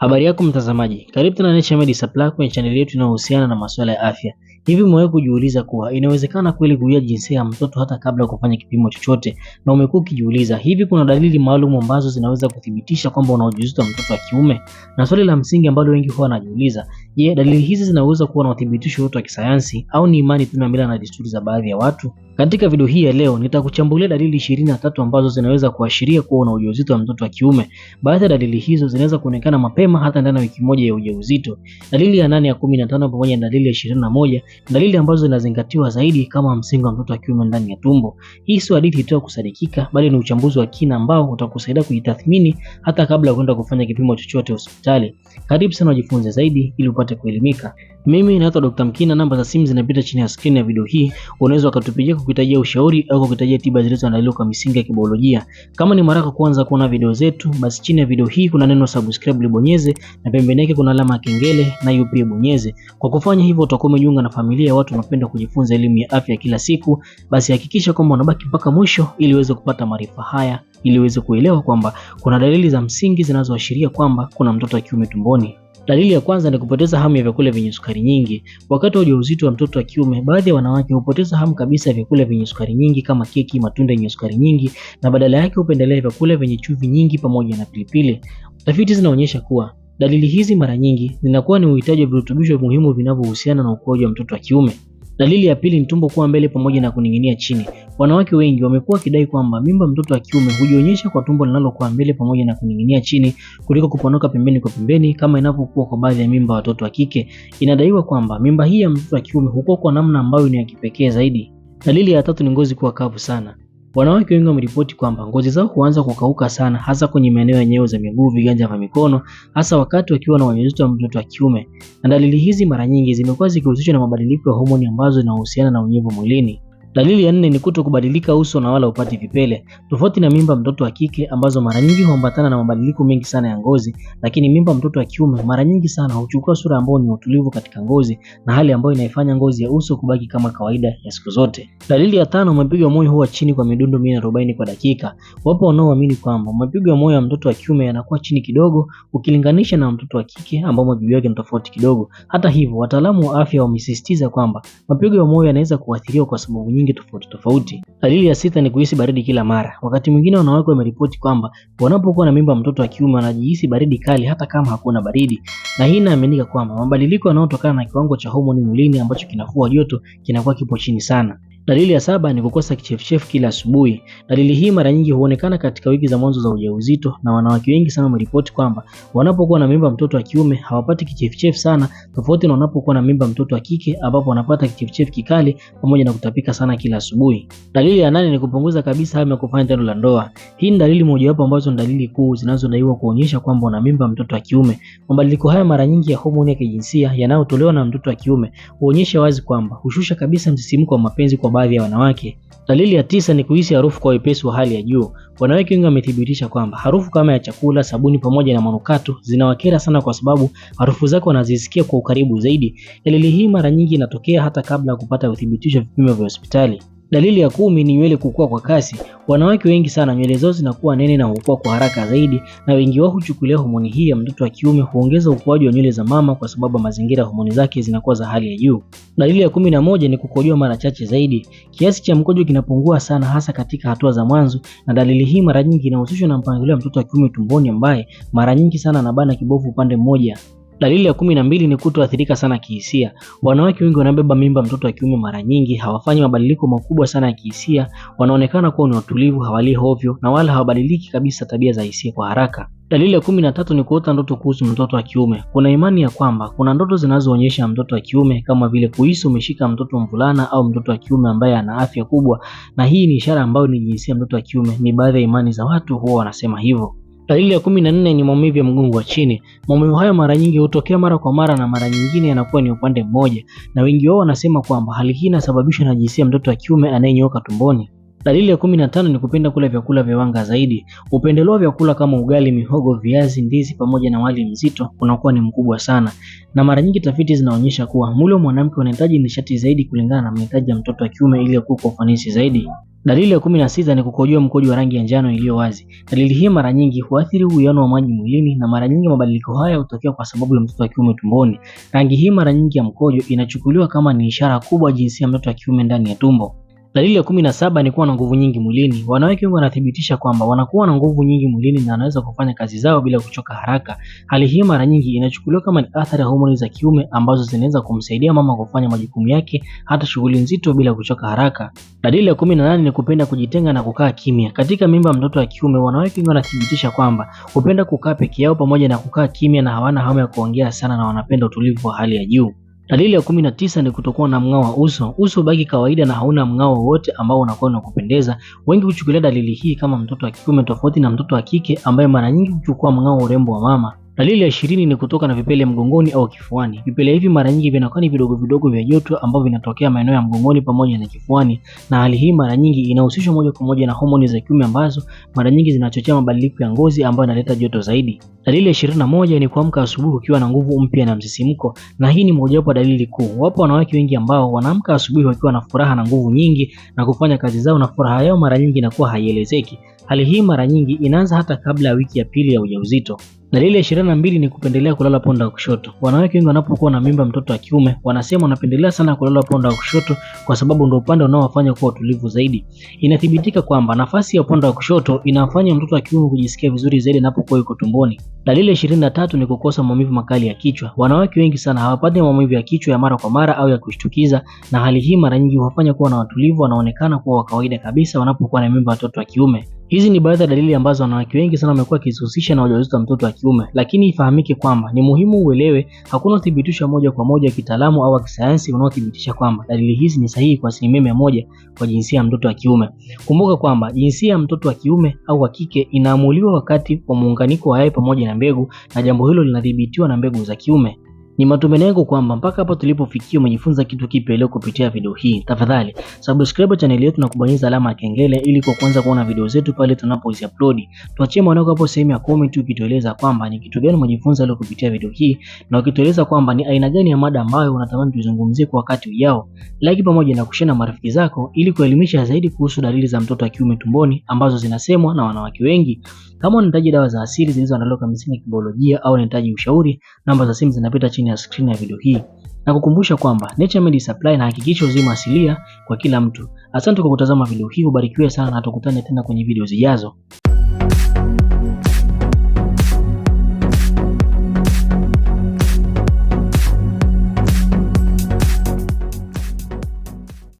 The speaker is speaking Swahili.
Habari yako mtazamaji, karibu tena NatureMed Supply kwenye chaneli yetu inayohusiana na masuala ya afya. Hivi umewahi kujiuliza kuwa inawezekana kweli kujua jinsia ya mtoto hata kabla ya kufanya kipimo chochote? Na umekuwa ukijiuliza hivi, kuna dalili maalum ambazo zinaweza kuthibitisha kwamba una ujauzito wa mtoto wa kiume? Na swali la msingi ambalo wengi huwa wanajiuliza, Je, dalili hizi zinaweza kuwa na uthibitisho wote wa kisayansi au ni imani tu na mila na desturi za baadhi ya watu? Katika video hii ya leo nitakuchambulia dalili ishirini na tatu ambazo zinaweza kuashiria kuwa una ujauzito wa mtoto wa kiume. Baadhi ya dalili hizo zinaweza kuonekana mapema hata ndani ya wiki moja ya ujauzito. Dalili ya nane ya kumi na tano pamoja na dalili ya ishirini na moja dalili ambazo zinazingatiwa zaidi kama msingo wa mtoto wa kiume ndani ya tumbo. Hii sio hadithi tu ya kusadikika, bali ni uchambuzi wa kina ambao utakusaidia kujitathmini hata kabla ya kwenda kufanya kipimo chochote hospitali. Karibu sana ujifunze zaidi ili upate kuelimika. Mimi naitwa Dr. Mkina, namba za simu zinapita chini ya skrini ya video hii. Unaweza ukatupigia kukuhitajia ushauri au kukuhitajia tiba zilizoandaliwa kwa misingi ya kibiolojia. Kama ni mara yako kwanza kuona video zetu, basi chini ya video hii kuna neno subscribe libonyeze, na pembeni yake kuna alama ya kengele nayo pia bonyeze. Kwa kufanya hivyo, utakuwa umejiunga na familia ya watu wanapenda kujifunza elimu ya afya kila siku. Basi hakikisha kwamba unabaki mpaka mwisho ili uweze kupata maarifa haya ili uweze kuelewa kwamba kuna dalili za msingi zinazoashiria kwamba kuna mtoto wa kiume tumboni. Dalili ya kwanza ni kupoteza hamu ya vyakula vyenye sukari nyingi. Wakati wa ujauzito wa mtoto wa kiume, baadhi ya wanawake hupoteza hamu kabisa ya vyakula vyenye sukari nyingi kama keki, matunda yenye sukari nyingi na badala yake hupendelea vyakula vyenye chumvi nyingi pamoja na pilipili. Tafiti zinaonyesha kuwa dalili hizi mara nyingi zinakuwa ni uhitaji wa virutubisho muhimu vinavyohusiana na ukuaji wa mtoto wa kiume. Dalili ya pili ni tumbo kuwa mbele pamoja na kuning'inia chini. Wanawake wengi wamekuwa wakidai kwamba mimba mtoto wa kiume hujionyesha kwa tumbo linalokuwa mbele pamoja na kuning'inia chini kuliko kuponoka pembeni kwa pembeni kama inavyokuwa kwa baadhi ya mimba watoto wa kike. Inadaiwa kwamba mimba hii ya mtoto wa kiume hukua kwa namna ambayo ni ya kipekee zaidi. Dalili ya tatu ni ngozi kuwa kavu sana. Wanawake wengi wameripoti kwamba ngozi zao huanza kukauka sana, hasa kwenye maeneo ya nyeo za miguu, viganja vya mikono, hasa wakati wakiwa na ujauzito wa mtoto wa kiume, na dalili hizi mara nyingi zimekuwa zikihusishwa na mabadiliko ya homoni ambazo zinahusiana na unyevu mwilini. Dalili ya nne ni kuto kubadilika uso na wala upati vipele, tofauti na mimba mtoto wa kike ambazo mara nyingi huambatana na mabadiliko mengi sana ya ngozi, lakini mimba mtoto wa kiume mara nyingi sana huchukua sura ambayo ni utulivu katika ngozi na hali ambayo inaifanya ngozi ya uso kubaki kama kawaida ya siku zote. Dalili ya tano, mapigo ya moyo huwa chini kwa midundo 140 kwa dakika. Wapo wanaoamini kwamba mapigo ya moyo ya mtoto wa kiume yanakuwa chini kidogo ukilinganisha na mtoto wa kike ambao mapigo yake ni tofauti kidogo. Hata hivyo, wataalamu wa afya wamesisitiza kwamba mapigo ya moyo yanaweza kuathiriwa kwa sababu nyingi tofauti tofauti. Dalili ya sita ni kuhisi baridi kila mara. Wakati mwingine wanawake wameripoti kwamba wanapokuwa na mimba mtoto wa kiume wanajihisi baridi kali hata kama hakuna baridi, na hii inaaminika kwamba mabadiliko yanayotokana na kiwango cha homoni mwilini ambacho kinafua joto kinakuwa kipo chini sana. Dalili ya saba ni kukosa kichefuchefu kila asubuhi. Dalili hii mara nyingi huonekana katika wiki za mwanzo za ujauzito na wanawake wengi sana wameripoti kwamba wanapokuwa na mimba mtoto wa kiume hawapati kichefuchefu sana, tofauti na wanapokuwa na mimba mtoto wa kike ambapo wanapata kichefuchefu kikali pamoja na kutapika sana kila asubuhi. Dalili ya nane ni kupunguza kabisa hamu ya kufanya tendo la ndoa. Hii ni dalili mojawapo ambazo ni dalili kuu zinazodaiwa kuonyesha kwamba una mimba mtoto wa kiume. Mabadiliko haya mara nyingi ya homoni ya kijinsia yanayotolewa na mtoto wa kiume huonyesha wazi kwamba hushusha kabisa msisimko wa mapenzi kwa kwa baadhi ya wanawake. Dalili ya tisa ni kuhisi harufu kwa wepesi wa hali ya juu. Wanawake wengi wamethibitisha kwamba harufu kama ya chakula, sabuni pamoja na manukato zinawakera sana kwa sababu harufu zake wanazisikia kwa ukaribu zaidi. Dalili hii mara nyingi inatokea hata kabla ya kupata uthibitisho vipimo vya hospitali. Dalili ya kumi ni nywele kukua kwa kasi. Wanawake wengi sana nywele zao zinakuwa nene na hukua kwa haraka zaidi, na wengi wao huchukulia homoni hii ya mtoto wa kiume huongeza ukuaji wa nywele za mama kwa sababu mazingira homoni zake zinakuwa za hali ya juu. Dalili ya kumi na moja ni kukojoa mara chache zaidi. Kiasi cha mkojo kinapungua sana, hasa katika hatua za mwanzo, na dalili hii mara nyingi inahusishwa na mpangilio wa mtoto wa kiume tumboni, ambaye mara nyingi sana anabana kibofu upande mmoja. Dalili ya kumi na mbili ni kutoathirika sana kihisia. Wanawake wengi wanabeba mimba mtoto wa kiume mara nyingi, hawafanyi mabadiliko makubwa sana ya kihisia, wanaonekana kuwa ni watulivu, hawali hovyo na wala hawabadiliki kabisa tabia za hisia kwa haraka. Dalili ya kumi na tatu ni kuota ndoto kuhusu mtoto wa kiume. Kuna imani ya kwamba kuna ndoto zinazoonyesha mtoto wa kiume kama vile kuhisi umeshika mtoto mvulana au mtoto wa kiume ambaye ana afya kubwa, na hii ni ishara ambayo ni jinsia mtoto wa kiume. Ni baadhi ya imani za watu huwa wanasema hivyo. Dalili ya kumi na nne ni maumivu ya mgongo wa chini. Maumivu hayo mara nyingi hutokea mara kwa mara na mara nyingine yanakuwa ni upande mmoja, na wengi wao wanasema kwamba hali hii inasababishwa na jinsia mtoto wa kiume anayenyooka tumboni. Dalili ya 15 tano ni kupenda kula vyakula vya wanga zaidi. Upendeleo wa vyakula kama ugali, mihogo, viazi, ndizi pamoja na wali mzito unakuwa ni mkubwa sana, na mara nyingi tafiti zinaonyesha kuwa mwili wa mwanamke unahitaji nishati zaidi kulingana na mahitaji ya mtoto wa kiume ili akue kwa ufanisi zaidi. Dalili ya kumi na sita ni kukojoa mkojo wa rangi ya njano iliyo wazi. Dalili hii mara nyingi huathiri uwiano wa maji mwilini, na mara nyingi mabadiliko haya hutokea kwa sababu ya mtoto wa kiume tumboni. Rangi hii mara nyingi ya mkojo inachukuliwa kama ni ishara kubwa jinsi ya mtoto wa kiume ndani ya tumbo. Dalili ya kumi na saba ni kuwa na nguvu nyingi mwilini. Wanawake wengi wanathibitisha kwamba wanakuwa na nguvu nyingi mwilini na wanaweza kufanya kazi zao bila kuchoka haraka. Hali hii mara nyingi inachukuliwa kama ni athari ya homoni za kiume ambazo zinaweza kumsaidia mama kufanya majukumu yake, hata shughuli nzito, bila kuchoka haraka. Dalili ya kumi na nane ni kupenda kujitenga na kukaa kimya. Katika mimba mtoto wa kiume, wanawake wengi wanathibitisha kwamba hupenda kukaa peke yao pamoja na kukaa kimya na hawana hamu ya kuongea sana na wanapenda utulivu wa hali ya juu. Dalili ya kumi na tisa ni kutokuwa na mng'ao wa uso. Uso ubaki kawaida na hauna mng'ao wowote ambao unakuwa unakupendeza. Wengi huchukulia dalili hii kama mtoto wa kiume tofauti na mtoto wa kike ambaye mara nyingi huchukua mng'ao wa urembo wa mama. Dalili ya ishirini ni kutoka na vipele mgongoni au kifuani. Vipele hivi mara nyingi vinakuwa ni vidogo vidogo vya joto ambavyo vinatokea maeneo ya mgongoni pamoja na kifuani, na hali hii mara nyingi inahusishwa moja kwa moja na homoni za kiume ambazo mara nyingi zinachochea mabadiliko ya ngozi ambayo yanaleta joto zaidi. Dalili ya ishirini na moja ni kuamka asubuhi ukiwa na nguvu mpya na msisimko, na hii ni mojawapo dalili kuu. Wapo wanawake wengi ambao wanaamka asubuhi wakiwa na furaha na nguvu nyingi na kufanya kazi zao, na furaha yao mara nyingi inakuwa haielezeki. Hali hii mara nyingi inaanza hata kabla ya wiki ya pili ya ujauzito. Dalili ya ishirini na mbili ni kupendelea kulala ponda wa kushoto. Wanawake wengi wanapokuwa na mimba mtoto wa kiume wanasema wanapendelea sana kulala ponda wa kushoto kwa sababu ndio upande unaowafanya kuwa utulivu zaidi. Inathibitika kwamba nafasi ya upande wa kushoto inafanya mtoto wa kiume kujisikia vizuri zaidi anapokuwa yuko tumboni. Dalili ya ishirini na tatu ni kukosa maumivu makali ya kichwa. Wanawake wengi sana hawapati maumivu ya kichwa ya mara kwa mara au ya kushtukiza, na hali hii mara nyingi huwafanya kuwa na watulivu, wanaonekana kuwa wa kawaida kabisa wanapokuwa na mimba mtoto wa kiume. Hizi ni baadhi ya dalili ambazo wanawake wengi sana wamekuwa wakizihusisha na ujauzito wa mtoto wa kiume, lakini ifahamike kwamba ni muhimu uelewe, hakuna uthibitisho moja kwa moja kitaalamu au kisayansi unaothibitisha kwamba dalili hizi ni sahihi kwa asilimia mia moja kwa jinsia ya mtoto wa kiume. Kumbuka kwamba jinsia ya mtoto wa kiume au wa kike inaamuliwa wakati wa muunganiko wa yai pamoja na mbegu, na jambo hilo linadhibitiwa na mbegu za kiume. Ni matumaini yangu kwamba mpaka hapa tulipofikia umejifunza kitu kipya leo kupitia video hii. Tafadhali subscribe channel yetu na kubonyeza alama ya kengele ili kwa kwanza kuona video zetu pale tunapozi upload. Tuachie maoni yako hapo sehemu ya comment ukitueleza kwamba ni kitu gani umejifunza leo kupitia video hii na ukitueleza kwamba ni aina gani ya mada ambayo unatamani tuizungumzie kwa wakati ujao. Like pamoja na kushare na marafiki zako ili kuelimisha zaidi kuhusu dalili za mtoto wa kiume tumboni ambazo zinasemwa na wanawake wengi. Kama unahitaji dawa za asili zilizoandaliwa kwa misingi ya kibiolojia au unahitaji ushauri, namba za simu zinapita chini ya skrini ya video hii na kukumbusha kwamba Naturemed Supply inahakikisha uzima asilia kwa kila mtu. Asante kwa kutazama video hii, ubarikiwe sana na tukutane tena kwenye video zijazo.